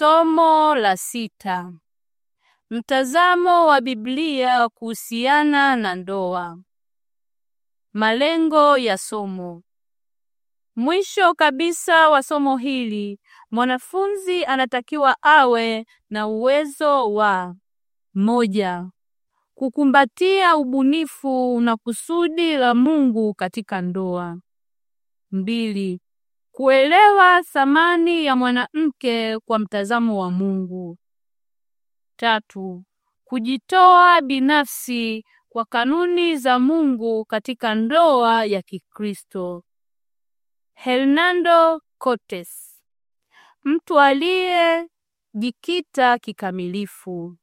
Somo la sita. Mtazamo wa Biblia kuhusiana na ndoa. Malengo ya somo. Mwisho kabisa wa somo hili, mwanafunzi anatakiwa awe na uwezo wa moja, kukumbatia ubunifu na kusudi la Mungu katika ndoa. Mbili, Kuelewa thamani ya mwanamke kwa mtazamo wa Mungu. Tatu, kujitoa binafsi kwa kanuni za Mungu katika ndoa ya Kikristo. Hernando Cortes, mtu aliyejikita kikamilifu.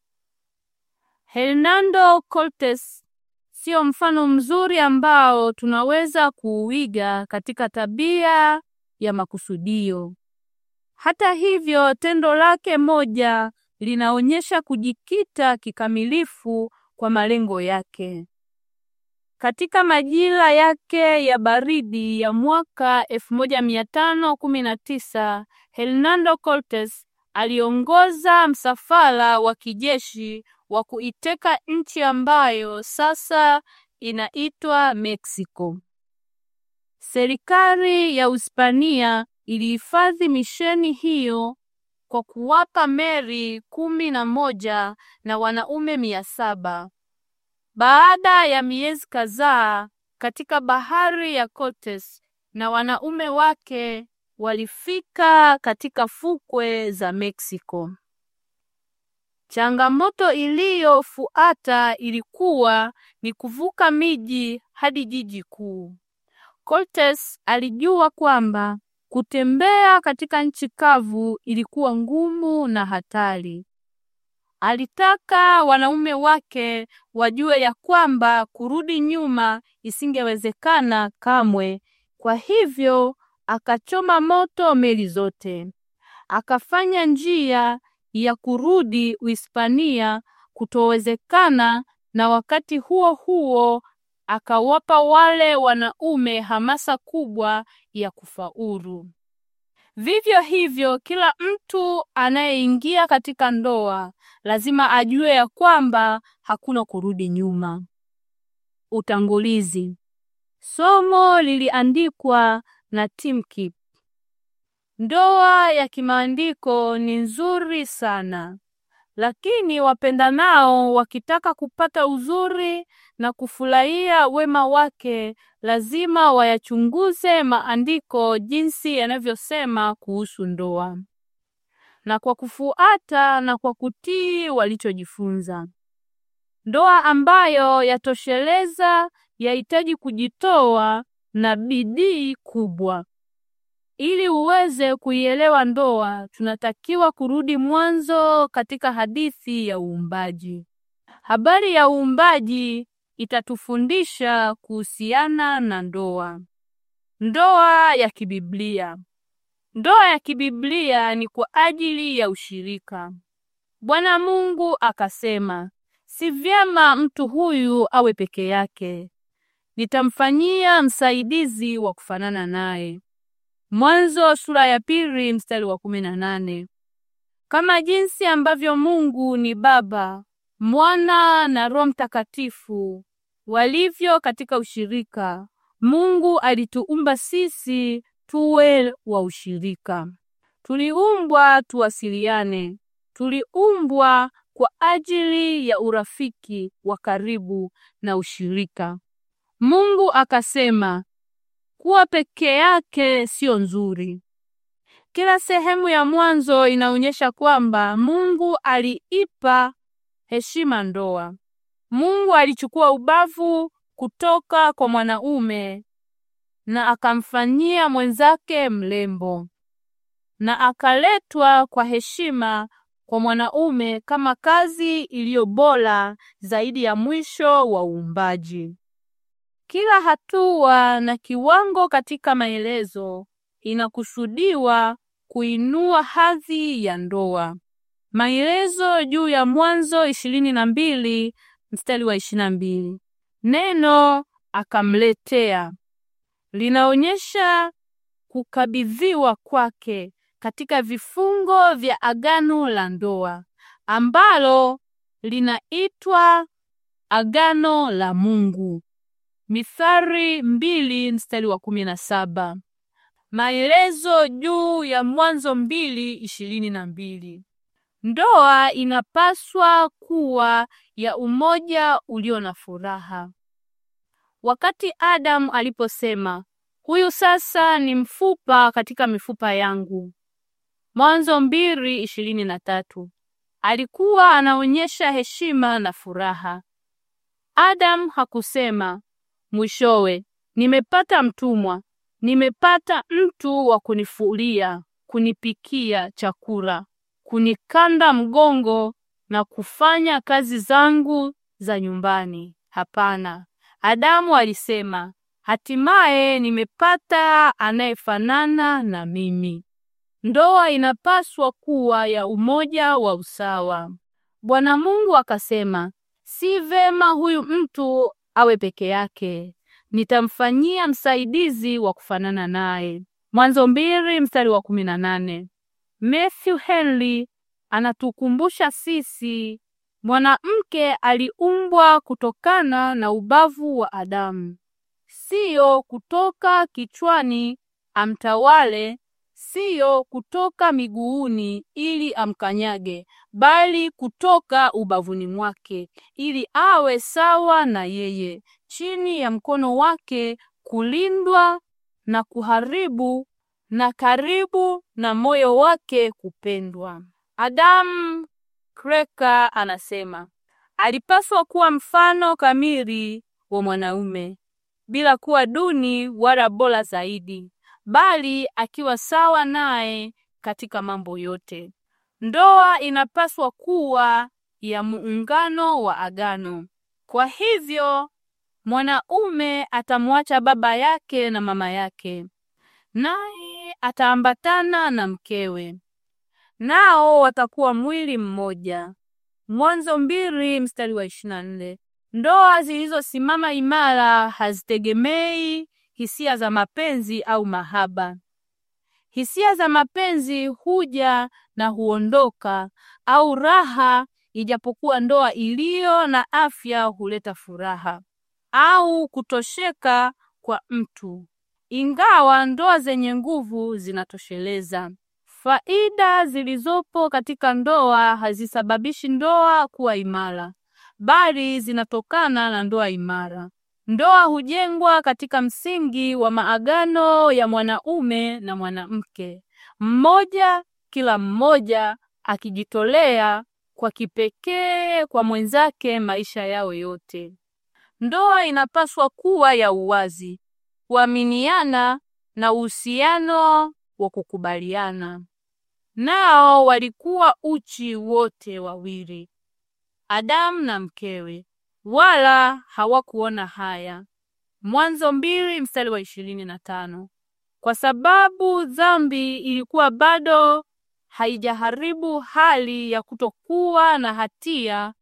Hernando Cortes sio mfano mzuri ambao tunaweza kuuiga katika tabia ya makusudio. Hata hivyo, tendo lake moja linaonyesha kujikita kikamilifu kwa malengo yake. Katika majira yake ya baridi ya mwaka 1519, Hernando Cortes aliongoza msafara wa kijeshi wa kuiteka nchi ambayo sasa inaitwa Mexico. Serikali ya uspania ilihifadhi misheni hiyo kwa kuwapa meli kumi na moja na wanaume mia saba. Baada ya miezi kadhaa katika bahari ya Cortes na wanaume wake walifika katika fukwe za Meksiko. Changamoto iliyofuata ilikuwa ni kuvuka miji hadi jiji kuu. Cortes alijua kwamba kutembea katika nchi kavu ilikuwa ngumu na hatari. Alitaka wanaume wake wajue ya kwamba kurudi nyuma isingewezekana kamwe. Kwa hivyo akachoma moto meli zote, akafanya njia ya kurudi Uhispania kutowezekana, na wakati huo huo akawapa wale wanaume hamasa kubwa ya kufaulu. Vivyo hivyo, kila mtu anayeingia katika ndoa lazima ajue ya kwamba hakuna kurudi nyuma. Utangulizi. Somo liliandikwa na Tim Ndoa ya kimaandiko ni nzuri sana. Lakini wapenda nao wakitaka kupata uzuri na kufurahia wema wake, lazima wayachunguze maandiko jinsi yanavyosema kuhusu ndoa, na kwa kufuata na kwa kutii walichojifunza. Ndoa ambayo yatosheleza yahitaji kujitoa na bidii kubwa. Ili uweze kuielewa ndoa, tunatakiwa kurudi mwanzo katika hadithi ya uumbaji. Habari ya uumbaji itatufundisha kuhusiana na ndoa. Ndoa ya kibiblia. Ndoa ya kibiblia ni kwa ajili ya ushirika. Bwana Mungu akasema, si vyema mtu huyu awe peke yake, nitamfanyia msaidizi wa kufanana naye. Mwanzo sura ya pili mstari wa kumi na nane. Kama jinsi ambavyo Mungu ni Baba, Mwana na Roho Mtakatifu walivyo katika ushirika, Mungu alituumba sisi tuwe wa ushirika. Tuliumbwa tuwasiliane, tuliumbwa kwa ajili ya urafiki wa karibu na ushirika. Mungu akasema, kuwa peke yake sio nzuri. Kila sehemu ya mwanzo inaonyesha kwamba Mungu aliipa heshima ndoa. Mungu alichukua ubavu kutoka kwa mwanaume na akamfanyia mwenzake mlembo, na akaletwa kwa heshima kwa mwanaume kama kazi iliyo bora zaidi ya mwisho wa uumbaji. Kila hatua na kiwango katika maelezo inakusudiwa kuinua hadhi ya ndoa. Maelezo juu ya Mwanzo ishirini na mbili mstari wa ishirini na mbili. Neno akamletea linaonyesha kukabidhiwa kwake katika vifungo vya agano la ndoa ambalo linaitwa agano la Mungu. Mithali mbili mstari wa kumi na saba. Maelezo juu ya Mwanzo mbili ishirini na mbili. Ndoa inapaswa kuwa ya umoja ulio na furaha. Wakati Adamu aliposema huyu sasa ni mfupa katika mifupa yangu, Mwanzo mbili ishirini na tatu, alikuwa anaonyesha heshima na furaha. Adamu hakusema Mwishowe nimepata mtumwa, nimepata mtu wa kunifulia, kunipikia chakula, kunikanda mgongo na kufanya kazi zangu za nyumbani. Hapana, Adamu alisema, hatimaye nimepata anayefanana na mimi. Ndoa inapaswa kuwa ya umoja wa usawa. Bwana Mungu akasema, si vema huyu mtu awe peke yake, nitamfanyia msaidizi wa kufanana naye. Mwanzo mbili mstari wa kumi na nane. Matthew Henry anatukumbusha sisi mwanamke aliumbwa kutokana na ubavu wa Adamu, siyo kutoka kichwani amtawale siyo kutoka miguuni ili amkanyage, bali kutoka ubavuni mwake ili awe sawa na yeye, chini ya mkono wake, kulindwa na kuharibu na karibu na moyo wake kupendwa. Adamu Kreka anasema alipaswa kuwa mfano kamili wa mwanaume bila kuwa duni wala bora zaidi bali akiwa sawa naye katika mambo yote. Ndoa inapaswa kuwa ya muungano wa agano. Kwa hivyo mwanaume atamwacha baba yake na mama yake, naye ataambatana na mkewe, nao watakuwa mwili mmoja. Mwanzo mbili mstari wa ishirini na nne. Ndoa zilizosimama imara hazitegemei hisia za mapenzi au mahaba. Hisia za mapenzi huja na huondoka, au raha, ijapokuwa ndoa iliyo na afya huleta furaha au kutosheka kwa mtu, ingawa ndoa zenye nguvu zinatosheleza. Faida zilizopo katika ndoa hazisababishi ndoa kuwa imara, bali zinatokana na ndoa imara. Ndoa hujengwa katika msingi wa maagano ya mwanaume na mwanamke, mmoja kila mmoja akijitolea kwa kipekee kwa mwenzake maisha yao yote. Ndoa inapaswa kuwa ya uwazi, kuaminiana na uhusiano wa kukubaliana. Nao walikuwa uchi wote wawili, Adamu na mkewe, wala hawakuona haya. Mwanzo mbili mstari wa ishirini na tano. Kwa sababu dhambi ilikuwa bado haijaharibu hali ya kutokuwa na hatia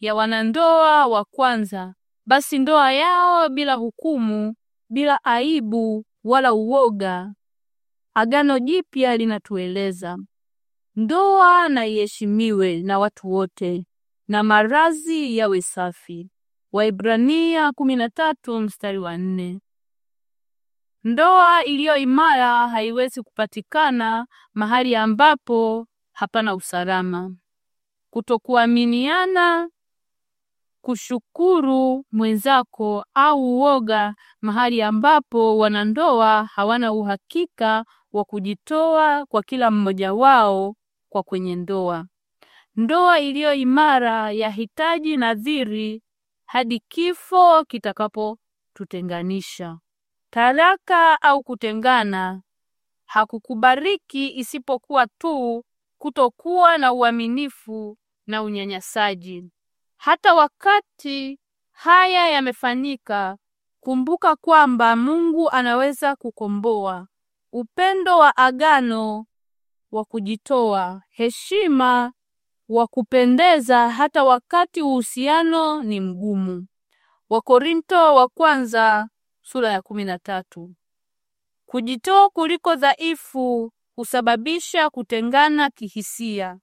ya wanandoa wa kwanza, basi ndoa yao bila hukumu, bila aibu wala uoga. Agano Jipya linatueleza ndoa na iheshimiwe na watu wote, na marazi yawe safi. Waibrania 13 mstari wa nne. Ndoa iliyo imara haiwezi kupatikana mahali ambapo hapana usalama. Kutokuaminiana, kushukuru mwenzako au uoga, mahali ambapo wanandoa hawana uhakika wa kujitoa kwa kila mmoja wao kwa kwenye ndoa. Ndoa iliyo imara yahitaji nadhiri hadi kifo kitakapotutenganisha. Talaka au kutengana hakukubariki isipokuwa tu kutokuwa na uaminifu na unyanyasaji. Hata wakati haya yamefanyika, kumbuka kwamba Mungu anaweza kukomboa. Upendo wa agano wa kujitoa, heshima wa kupendeza hata wakati uhusiano ni mgumu. Wakorinto wa kwanza sura ya kumi na tatu. Kujitoa kuliko dhaifu husababisha kutengana kihisia,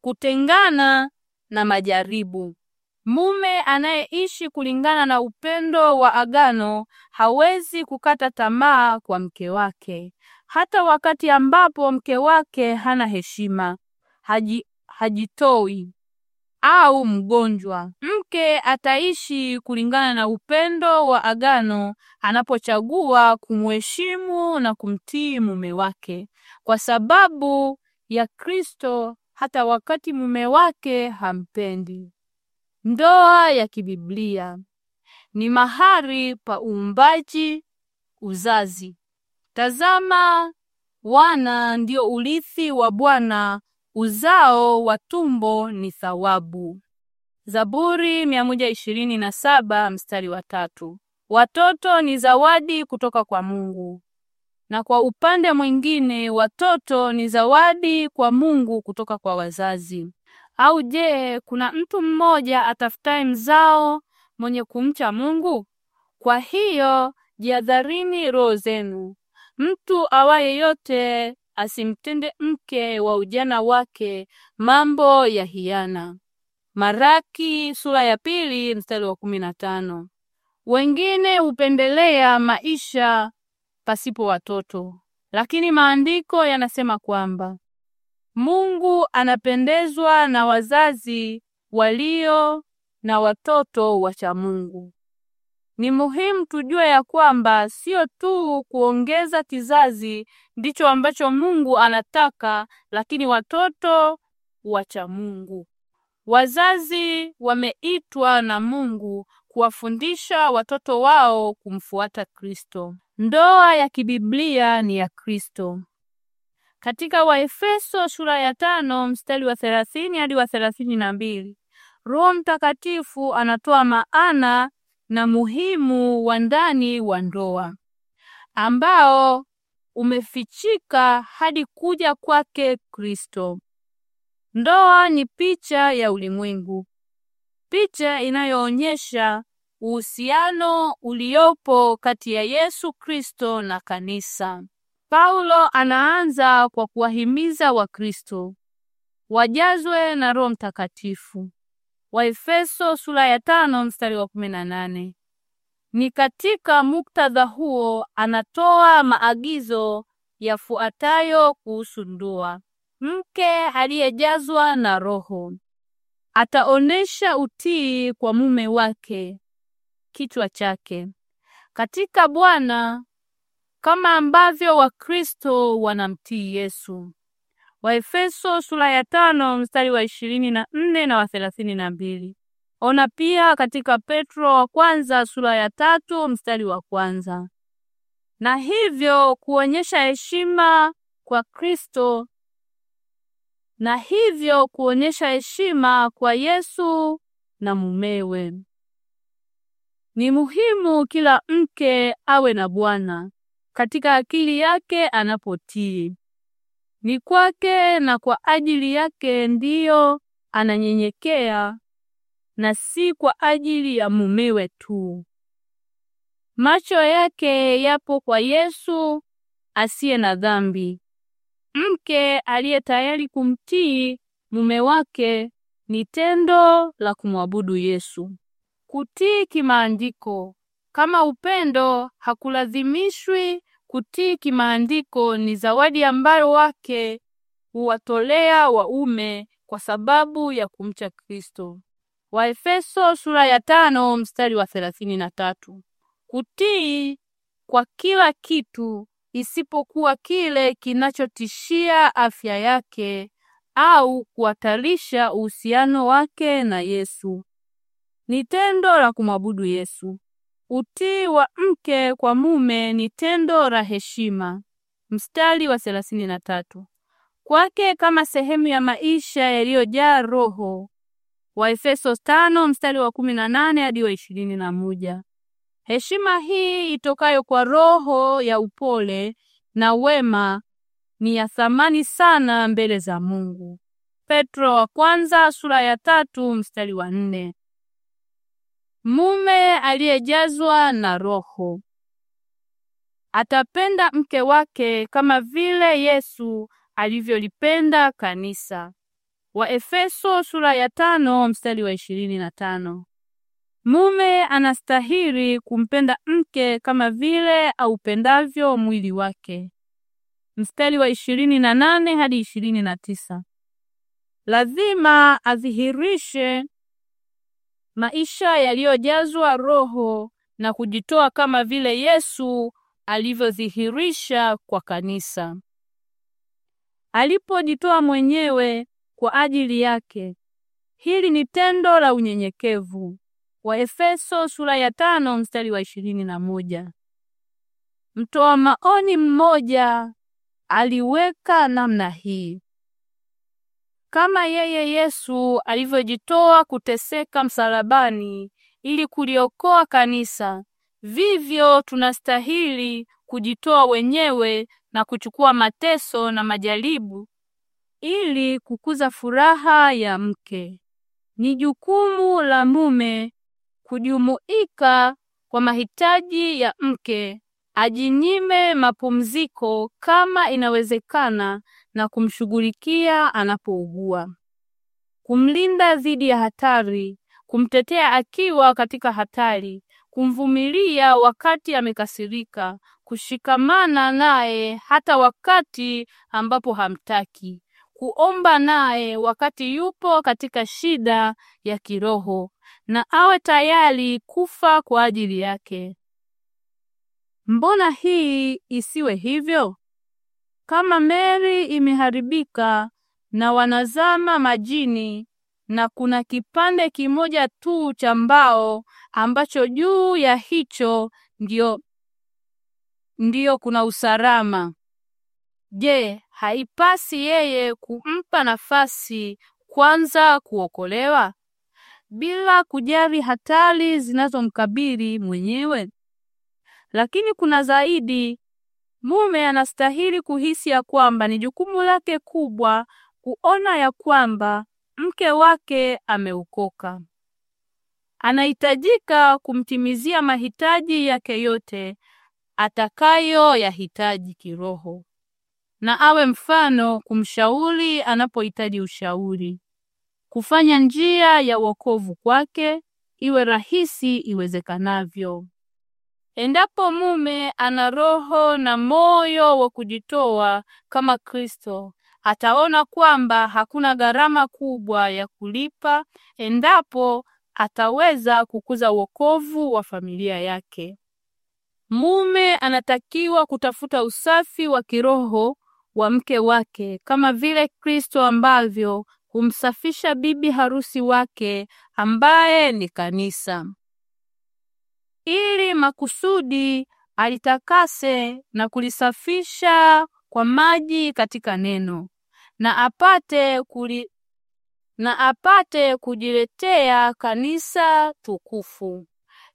kutengana na majaribu. Mume anayeishi kulingana na upendo wa agano hawezi kukata tamaa kwa mke wake, hata wakati ambapo mke wake hana heshima, haji hajitoi au mgonjwa. Mke ataishi kulingana na upendo wa agano anapochagua kumheshimu na kumtii mume wake kwa sababu ya Kristo hata wakati mume wake hampendi. Ndoa ya kibiblia ni mahari pa uumbaji, uzazi. Tazama, wana ndio urithi wa Bwana Uzao wa tumbo ni thawabu. Zaburi 127 mstari wa tatu. Watoto ni zawadi kutoka kwa Mungu, na kwa upande mwingine watoto ni zawadi kwa Mungu kutoka kwa wazazi. Au je, kuna mtu mmoja atafutaye mzao mwenye kumcha Mungu? Kwa hiyo jihadharini roho zenu. Mtu awaye yote asimtende mke wa ujana wake mambo ya hiana. Maraki sura ya pili mstari wa kumi na tano. Wengine hupendelea maisha pasipo watoto, lakini maandiko yanasema kwamba Mungu anapendezwa na wazazi walio na watoto wacha Mungu. Ni muhimu tujue ya kwamba sio tu kuongeza kizazi ndicho ambacho Mungu anataka, lakini watoto wacha Mungu. Wazazi wameitwa na Mungu kuwafundisha watoto wao kumfuata Kristo. Ndoa ya kibiblia ni ya Kristo. Katika Waefeso sura ya tano mstari wa thelathini hadi wa thelathini na mbili Roho Mtakatifu anatoa maana na muhimu wa ndani wa ndoa ambao umefichika hadi kuja kwake Kristo. Ndoa ni picha ya ulimwengu, picha inayoonyesha uhusiano uliopo kati ya Yesu Kristo na kanisa. Paulo anaanza kwa kuwahimiza Wakristo wajazwe na Roho Mtakatifu Waefeso sura ya tano mstari wa kumi na nane. Ni katika muktadha huo anatoa maagizo yafuatayo kuhusu ndoa. Mke aliyejazwa na Roho ataonesha utii kwa mume wake, kichwa chake katika Bwana, kama ambavyo Wakristo wanamtii Yesu. Waefeso sura ya tano mstari wa ishirini na nne na wa thelathini na mbili. Ona pia katika Petro wa kwanza sura ya tatu mstari wa kwanza. Na hivyo kuonyesha heshima kwa Kristo na hivyo kuonyesha heshima kwa Yesu na mumewe. Ni muhimu kila mke awe na bwana katika akili yake anapotii ni kwake na kwa ajili yake ndiyo ananyenyekea na si kwa ajili ya mumewe tu. Macho yake yapo kwa Yesu asiye na dhambi. Mke aliye tayari kumtii mume wake ni tendo la kumwabudu Yesu. Kutii kimaandiko kama upendo hakulazimishwi Kutii kimaandiko ni zawadi ambayo wake huwatolea waume kwa sababu ya kumcha Kristo. Waefeso sura ya tano mstari wa thelathini na tatu. Kutii kwa kila kitu isipokuwa kile kinachotishia afya yake au kuhatarisha uhusiano wake na Yesu. Ni tendo la kumwabudu Yesu. Utii wa mke kwa mume ni tendo la heshima. Mstari wa thelathini na tatu. Kwake kama sehemu ya maisha yaliyojaa roho. Waefeso tano mstari wa kumi na nane hadi wa ishirini na moja. Heshima hii itokayo kwa roho ya upole na wema ni ya thamani sana mbele za Mungu. Petro wa kwanza sura ya tatu mstari wa nne. Mume aliyejazwa na Roho atapenda mke wake kama vile Yesu alivyolipenda kanisa. Waefeso sura ya tano mstari wa ishirini na tano. Mume anastahili kumpenda mke kama vile aupendavyo mwili wake. Mstari wa ishirini na nane hadi ishirini na tisa. Lazima adhihirishe maisha yaliyojazwa Roho na kujitoa kama vile Yesu alivyodhihirisha kwa kanisa. Alipojitoa mwenyewe kwa ajili yake. Hili ni tendo la unyenyekevu. Waefeso sura ya tano mstari wa ishirini na moja. Mtoa maoni mmoja aliweka namna hii kama yeye Yesu alivyojitoa kuteseka msalabani ili kuliokoa kanisa, vivyo tunastahili kujitoa wenyewe na kuchukua mateso na majaribu ili kukuza furaha ya mke. Ni jukumu la mume kujumuika kwa mahitaji ya mke, ajinyime mapumziko kama inawezekana na kumshughulikia anapougua, kumlinda dhidi ya hatari, kumtetea akiwa katika hatari, kumvumilia wakati amekasirika, kushikamana naye hata wakati ambapo hamtaki, kuomba naye wakati yupo katika shida ya kiroho, na awe tayari kufa kwa ajili yake. Mbona hii isiwe hivyo? kama meli imeharibika na wanazama majini na kuna kipande kimoja tu cha mbao ambacho juu ya hicho ndio ndiyo kuna usalama. Je, haipasi yeye kumpa nafasi kwanza kuokolewa bila kujali hatari zinazomkabili mwenyewe? Lakini kuna zaidi Mume anastahili kuhisi ya kwamba ni jukumu lake kubwa kuona ya kwamba mke wake ameokoka. Anahitajika kumtimizia mahitaji yake yote atakayoyahitaji kiroho, na awe mfano kumshauri anapohitaji ushauri, kufanya njia ya wokovu kwake iwe rahisi iwezekanavyo. Endapo mume ana roho na moyo wa kujitoa kama Kristo, ataona kwamba hakuna gharama kubwa ya kulipa endapo ataweza kukuza wokovu wa familia yake. Mume anatakiwa kutafuta usafi wa kiroho wa mke wake kama vile Kristo ambavyo humsafisha bibi harusi wake ambaye ni kanisa ili makusudi alitakase na kulisafisha kwa maji katika neno na apate kuli, na apate kujiletea kanisa tukufu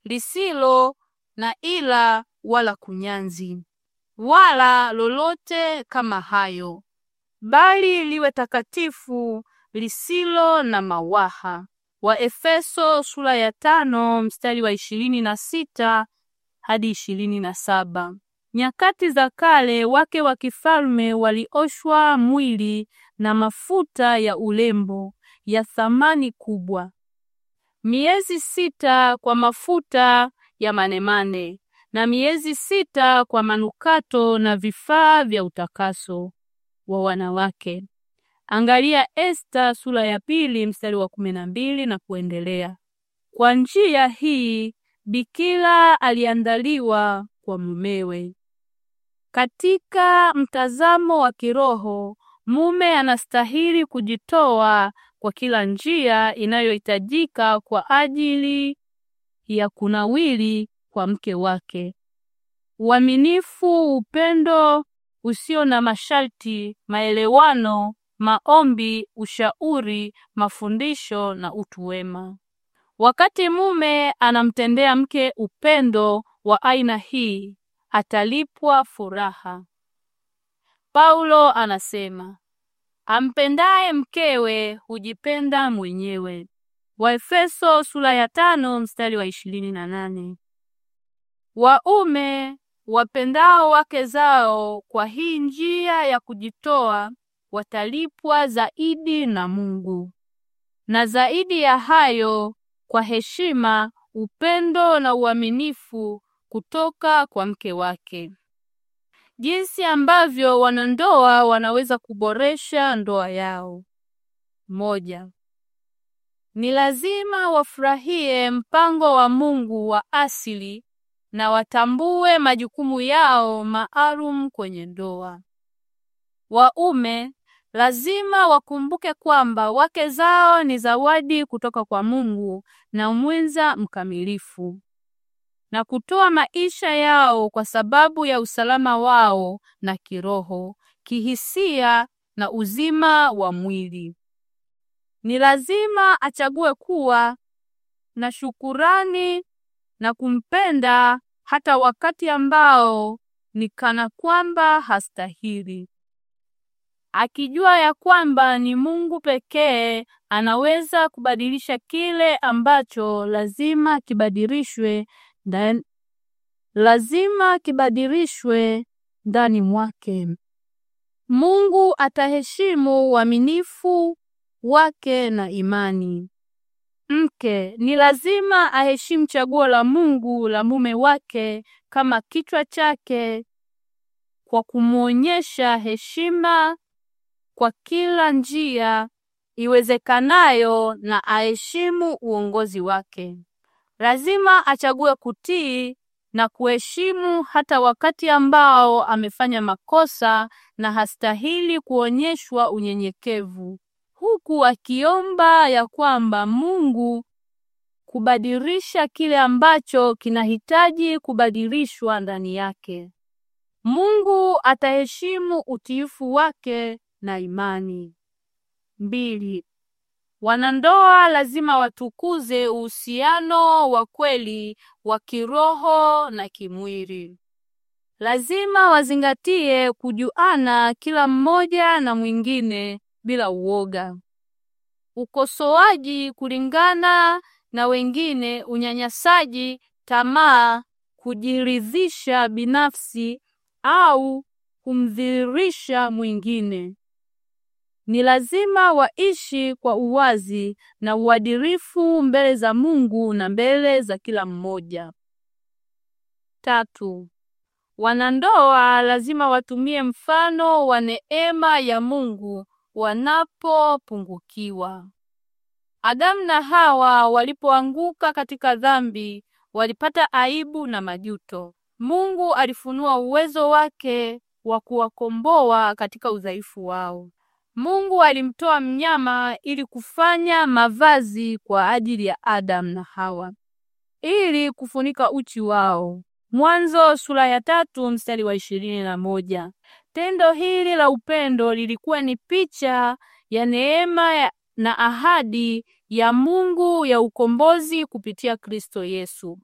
lisilo na ila wala kunyanzi wala lolote kama hayo, bali liwe takatifu lisilo na mawaha. Efeso sura ya tano mstari wa ishirini na sita hadi ishirini na saba. Nyakati za kale wake wa kifalme walioshwa mwili na mafuta ya ulembo ya thamani kubwa, miezi sita kwa mafuta ya manemane na miezi sita kwa manukato na vifaa vya utakaso wa wanawake. Angalia Esta sura ya pili mstari wa kumi na mbili na kuendelea. Kwa njia hii bikira aliandaliwa kwa mumewe. Katika mtazamo wa kiroho, mume anastahili kujitoa kwa kila njia inayohitajika kwa ajili ya kunawili kwa mke wake: uaminifu, upendo usio na masharti, maelewano maombi, ushauri, mafundisho na utu wema. Wakati mume anamtendea mke upendo wa aina hii, atalipwa furaha. Paulo anasema ampendaye mkewe hujipenda mwenyewe. Waefeso sura ya tano mstari wa ishirini na nane. Waume wapendao wake zao kwa hii njia ya kujitoa watalipwa zaidi na Mungu. Na zaidi ya hayo, kwa heshima, upendo na uaminifu kutoka kwa mke wake. Jinsi ambavyo wanandoa wanaweza kuboresha ndoa yao. Moja, ni lazima wafurahie mpango wa Mungu wa asili na watambue majukumu yao maalum kwenye ndoa. Waume, Lazima wakumbuke kwamba wake zao ni zawadi kutoka kwa Mungu na mwenza mkamilifu, na kutoa maisha yao kwa sababu ya usalama wao na kiroho, kihisia na uzima wa mwili. Ni lazima achague kuwa na shukurani na kumpenda hata wakati ambao ni kana kwamba hastahili akijua ya kwamba ni Mungu pekee anaweza kubadilisha kile ambacho lazima kibadilishwe ndani lazima kibadilishwe ndani mwake. Mungu ataheshimu uaminifu wake na imani. Mke ni lazima aheshimu chaguo la Mungu la mume wake kama kichwa chake kwa kumwonyesha heshima kwa kila njia iwezekanayo na aheshimu uongozi wake. Lazima achague kutii na kuheshimu hata wakati ambao amefanya makosa na hastahili kuonyeshwa unyenyekevu, huku akiomba ya kwamba Mungu kubadilisha kile ambacho kinahitaji kubadilishwa ndani yake. Mungu ataheshimu utiifu wake na imani. Mbili, wanandoa lazima watukuze uhusiano wa kweli wa kiroho na kimwili. Lazima wazingatie kujuana kila mmoja na mwingine bila uoga. Ukosoaji kulingana na wengine, unyanyasaji, tamaa, kujiridhisha binafsi au kumdhirisha mwingine. Ni lazima waishi kwa uwazi na uadilifu mbele za Mungu na mbele za kila mmoja. Tatu, wanandoa lazima watumie mfano wa neema ya Mungu wanapopungukiwa. Adamu na Hawa walipoanguka katika dhambi, walipata aibu na majuto. Mungu alifunua uwezo wake wa kuwakomboa katika udhaifu wao. Mungu alimtoa mnyama ili kufanya mavazi kwa ajili ya Adamu na Hawa ili kufunika uchi wao. Mwanzo sura ya tatu mstari wa ishirini na moja. Tendo hili la upendo lilikuwa ni picha ya neema na ahadi ya Mungu ya ukombozi kupitia Kristo Yesu.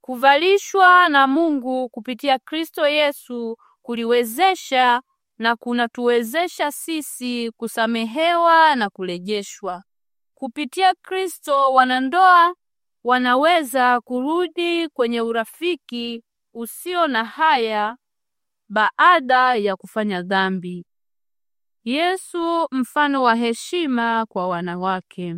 Kuvalishwa na Mungu kupitia Kristo Yesu kuliwezesha na kunatuwezesha sisi kusamehewa na kurejeshwa. Kupitia Kristo wanandoa wanaweza kurudi kwenye urafiki usio na haya baada ya kufanya dhambi. Yesu mfano wa heshima kwa wanawake.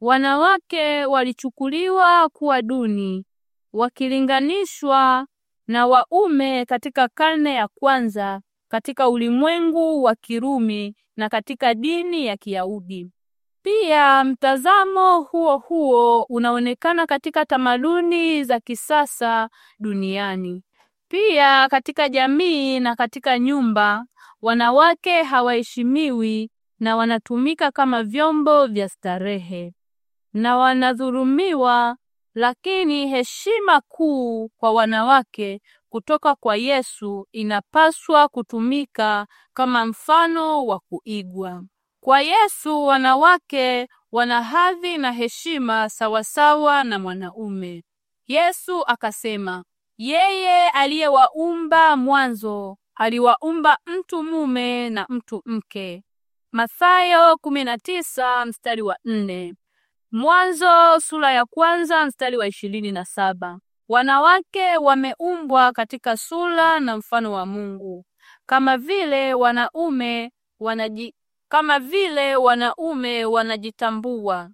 Wanawake walichukuliwa kuwa duni wakilinganishwa na waume katika karne ya kwanza katika ulimwengu wa Kirumi na katika dini ya Kiyahudi. Pia mtazamo huo huo unaonekana katika tamaduni za kisasa duniani. Pia katika jamii na katika nyumba, wanawake hawaheshimiwi na wanatumika kama vyombo vya starehe na wanadhulumiwa, lakini heshima kuu kwa wanawake kutoka kwa Yesu inapaswa kutumika kama mfano wa kuigwa. Kwa Yesu wanawake wana hadhi na heshima sawasawa na mwanaume. Yesu akasema, yeye aliyewaumba mwanzo aliwaumba mtu mume na mtu mke. Mathayo 19 mstari wa 4. Mwanzo sura ya kwanza mstari wa 27. Wanawake wameumbwa katika sura na mfano wa Mungu kama vile wanaume wanaji, kama vile wanaume wanajitambua,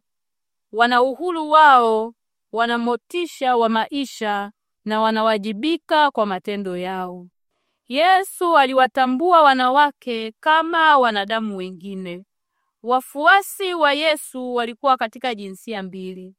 wana uhuru wao, wana motisha wa maisha na wanawajibika kwa matendo yao. Yesu aliwatambua wanawake kama wanadamu wengine. Wafuasi wa Yesu walikuwa katika jinsia mbili,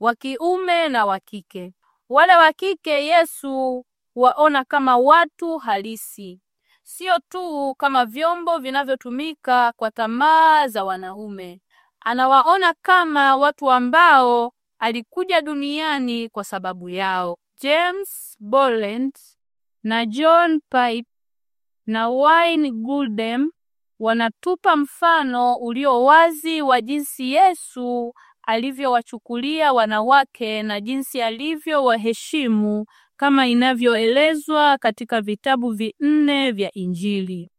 wa kiume na wa kike. Wale wa kike Yesu waona kama watu halisi, sio tu kama vyombo vinavyotumika kwa tamaa za wanaume. Anawaona kama watu ambao alikuja duniani kwa sababu yao. James Boland na John Pipe na Wayne Goldem wanatupa mfano ulio wazi wa jinsi Yesu alivyowachukulia wanawake na jinsi alivyowaheshimu kama inavyoelezwa katika vitabu vinne vya Injili.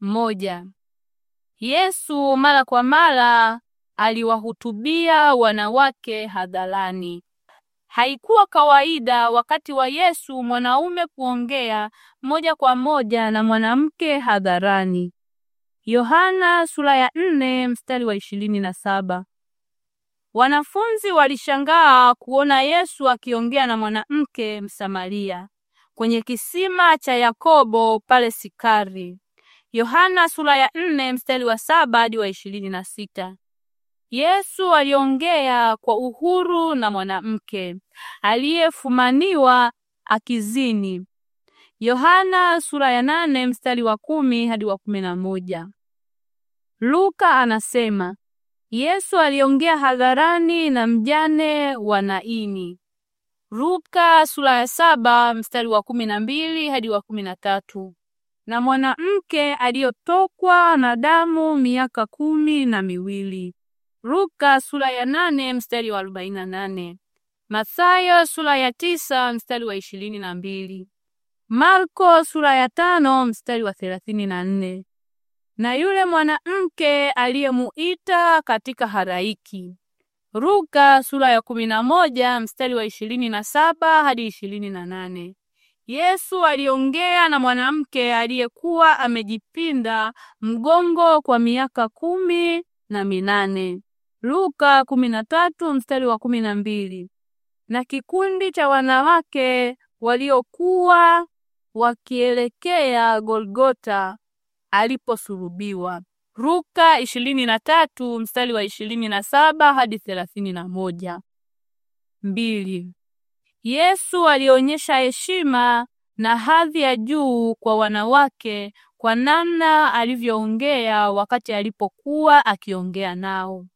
Moja. Yesu mara kwa mara aliwahutubia wanawake hadharani. Haikuwa kawaida wakati wa Yesu mwanaume kuongea moja kwa moja na mwanamke hadharani. Yohana sura ya nne mstari wa ishirini na saba. Wanafunzi walishangaa kuona Yesu akiongea na mwanamke Msamaria kwenye kisima cha Yakobo pale Sikari. Yohana sura ya nne mstari wa saba hadi wa ishirini na sita. Yesu aliongea kwa uhuru na mwanamke aliyefumaniwa akizini. Yohana sura ya nane mstari wa kumi hadi wa kumi na moja. Luka anasema Yesu aliongea hadharani na mjane wa Naini. Luka sura ya saba mstari wa kumi na mbili hadi wa kumi na tatu. Na mwanamke aliyotokwa na damu miaka kumi na miwili. Luka sura ya nane mstari wa arobaini na nane. Mathayo sura ya tisa mstari wa ishirini na mbili. Marko sura ya tano mstari wa thelathini na nne na yule mwanamke aliyemuita katika haraiki. Luka sura ya kumi na moja mstari wa ishirini na saba hadi ishirini na nane. Yesu aliongea na mwanamke aliyekuwa amejipinda mgongo kwa miaka kumi na minane. Luka kumi na tatu mstari wa kumi na mbili. Na kikundi cha wanawake waliokuwa wakielekea Golgota aliposulubiwa. Luka ishirini na tatu mstari wa ishirini na saba hadi thelathini na moja. Mbili. Yesu alionyesha heshima na hadhi ya juu kwa wanawake kwa namna alivyoongea wakati alipokuwa akiongea nao.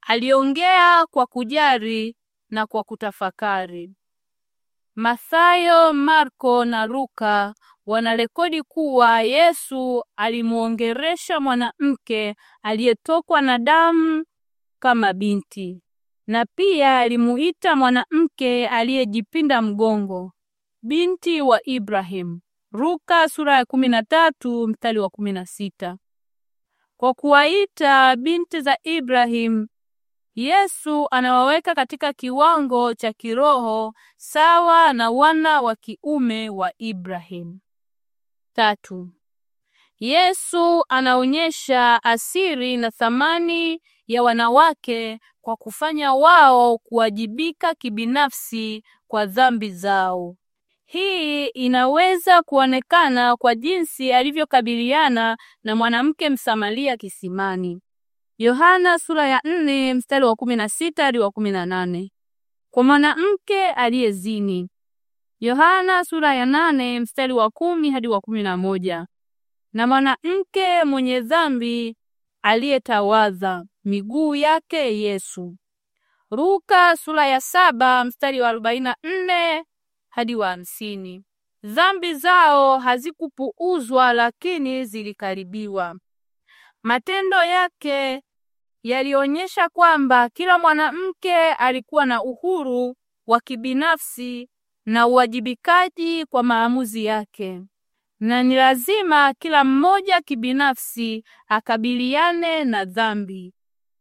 Aliongea kwa kujari na kwa kutafakari. Mathayo, Marko na Luka wanarekodi kuwa Yesu alimwongeresha mwanamke aliyetokwa na damu kama binti, na pia alimuita mwanamke aliyejipinda mgongo binti wa Ibrahimu. Luka sura ya 13 mstari wa 16. Kwa kuwaita binti za Ibrahimu, Yesu anawaweka katika kiwango cha kiroho sawa na wana wa kiume wa Ibrahimu. Tatu. Yesu anaonyesha asiri na thamani ya wanawake kwa kufanya wao kuwajibika kibinafsi kwa dhambi zao. Hii inaweza kuonekana kwa jinsi alivyokabiliana na mwanamke Msamaria kisimani. Yohana sura ya 4 mstari wa 16 hadi wa 18. Kwa mwanamke aliyezini, Yohana sura ya nane mstari wa kumi hadi wa kumi na moja. Na mwanamke mwenye dhambi aliyetawaza miguu yake Yesu. Luka sura ya saba mstari wa arobaini na nne hadi wa hamsini. Dhambi zao hazikupuuzwa lakini zilikaribiwa. Matendo yake yalionyesha kwamba kila mwanamke alikuwa na uhuru wa kibinafsi na uwajibikaji kwa maamuzi yake, na ni lazima kila mmoja kibinafsi akabiliane na dhambi,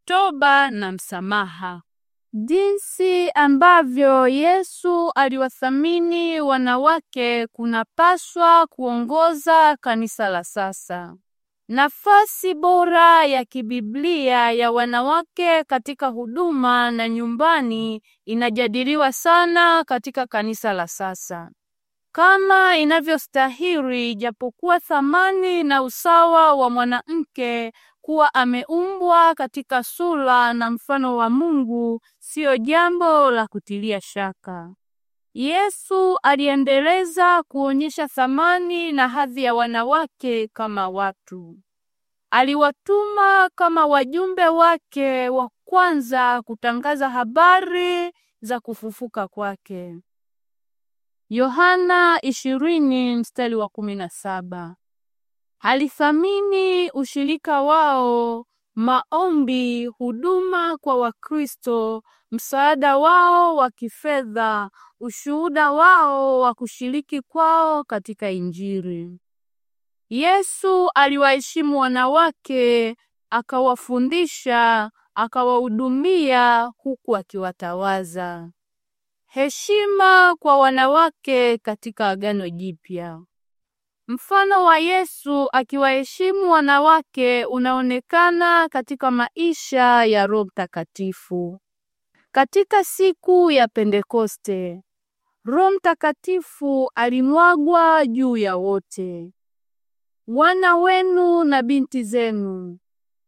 toba na msamaha. Jinsi ambavyo Yesu aliwathamini wanawake kunapaswa kuongoza kanisa la sasa. Nafasi bora ya kibiblia ya wanawake katika huduma na nyumbani inajadiliwa sana katika kanisa la sasa kama inavyostahili, japokuwa thamani na usawa wa mwanamke kuwa ameumbwa katika sura na mfano wa Mungu siyo jambo la kutilia shaka. Yesu aliendeleza kuonyesha thamani na hadhi ya wanawake kama watu. Aliwatuma kama wajumbe wake wa kwanza kutangaza habari za kufufuka kwake. Yohana 20 mstari wa 17. Alithamini ushirika wao, maombi, huduma kwa Wakristo msaada wao wa kifedha, ushuhuda wao wa kushiriki kwao katika Injili. Yesu aliwaheshimu wanawake, akawafundisha, akawahudumia huku akiwatawaza. Heshima kwa wanawake katika Agano Jipya. Mfano wa Yesu akiwaheshimu wanawake unaonekana katika maisha ya Roho Mtakatifu. Katika siku ya Pentekoste, Roho Mtakatifu alimwagwa juu ya wote, wana wenu na binti zenu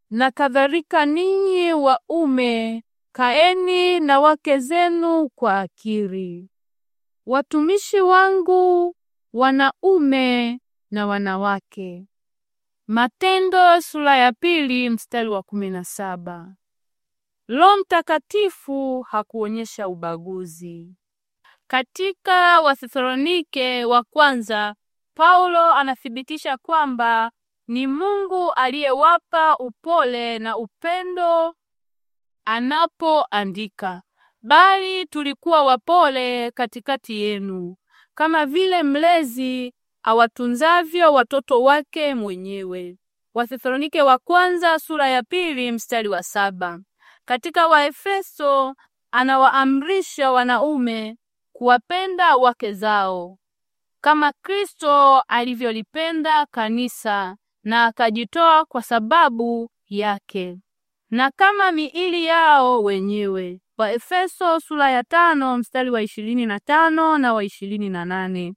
na kadhalika, ninyi waume kaeni na wake zenu kwa akili, watumishi wangu wanaume na wanawake. Matendo sura ya pili mstari wa kumi na saba. Roho Mtakatifu hakuonyesha ubaguzi. Katika Wathesalonike wa kwanza, Paulo anathibitisha kwamba ni Mungu aliyewapa upole na upendo anapoandika, bali tulikuwa wapole katikati yenu kama vile mlezi awatunzavyo watoto wake mwenyewe. Wathesalonike wa kwanza sura ya pili mstari wa saba. Katika Waefeso anawaamrisha wanaume kuwapenda wake zao kama Kristo alivyolipenda kanisa na akajitoa kwa sababu yake na kama miili yao wenyewe. Waefeso sura ya tano mstari wa ishirini na tano na wa ishirini na nane.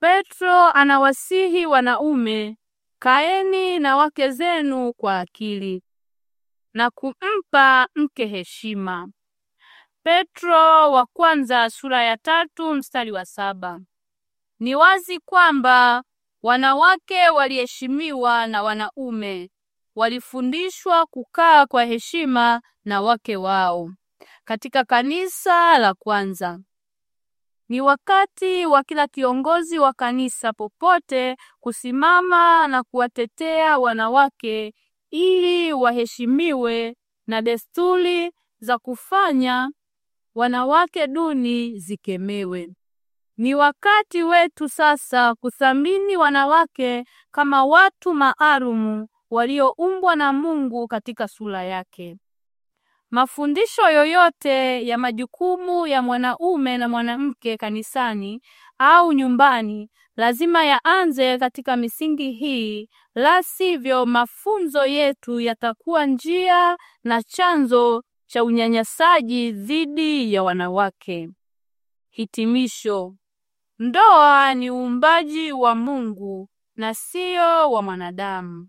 Petro anawasihi wanaume, kaeni na wake zenu kwa akili na kumpa mke heshima. Petro wa kwanza sura ya tatu mstari wa saba. Ni wazi kwamba wanawake waliheshimiwa na wanaume walifundishwa kukaa kwa heshima na wake wao katika kanisa la kwanza. Ni wakati wa kila kiongozi wa kanisa popote kusimama na kuwatetea wanawake ili waheshimiwe na desturi za kufanya wanawake duni zikemewe. Ni wakati wetu sasa kuthamini wanawake kama watu maalumu walioumbwa na Mungu katika sura yake. Mafundisho yoyote ya majukumu ya mwanaume na mwanamke kanisani au nyumbani lazima yaanze katika misingi hii, la sivyo mafunzo yetu yatakuwa njia na chanzo cha unyanyasaji dhidi ya wanawake. Hitimisho: ndoa ni uumbaji wa Mungu na sio wa mwanadamu.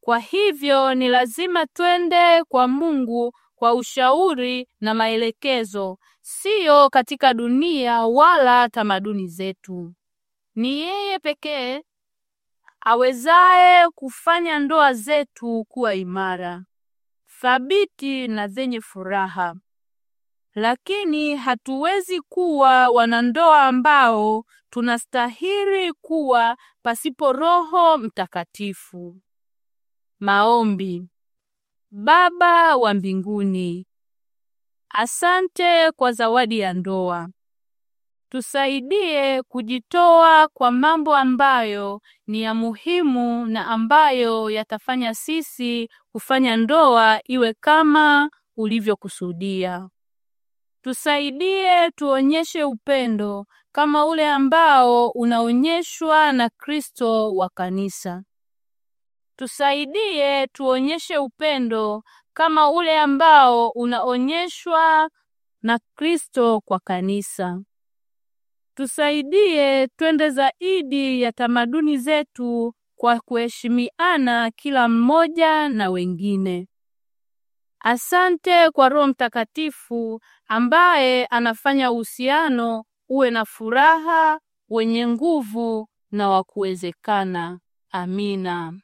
Kwa hivyo ni lazima twende kwa Mungu kwa ushauri na maelekezo, siyo katika dunia wala tamaduni zetu. Ni yeye pekee awezaye kufanya ndoa zetu kuwa imara, thabiti na zenye furaha. Lakini hatuwezi kuwa wanandoa ambao tunastahili kuwa pasipo Roho Mtakatifu. Maombi. Baba wa mbinguni, asante kwa zawadi ya ndoa tusaidie kujitoa kwa mambo ambayo ni ya muhimu na ambayo yatafanya sisi kufanya ndoa iwe kama ulivyokusudia. Tusaidie tuonyeshe upendo kama ule ambao unaonyeshwa na Kristo wa kanisa. Tusaidie tuonyeshe upendo kama ule ambao unaonyeshwa na Kristo kwa kanisa. Tusaidie twende zaidi ya tamaduni zetu kwa kuheshimiana kila mmoja na wengine. Asante kwa Roho Mtakatifu ambaye anafanya uhusiano uwe na furaha, wenye nguvu na wa kuwezekana. Amina.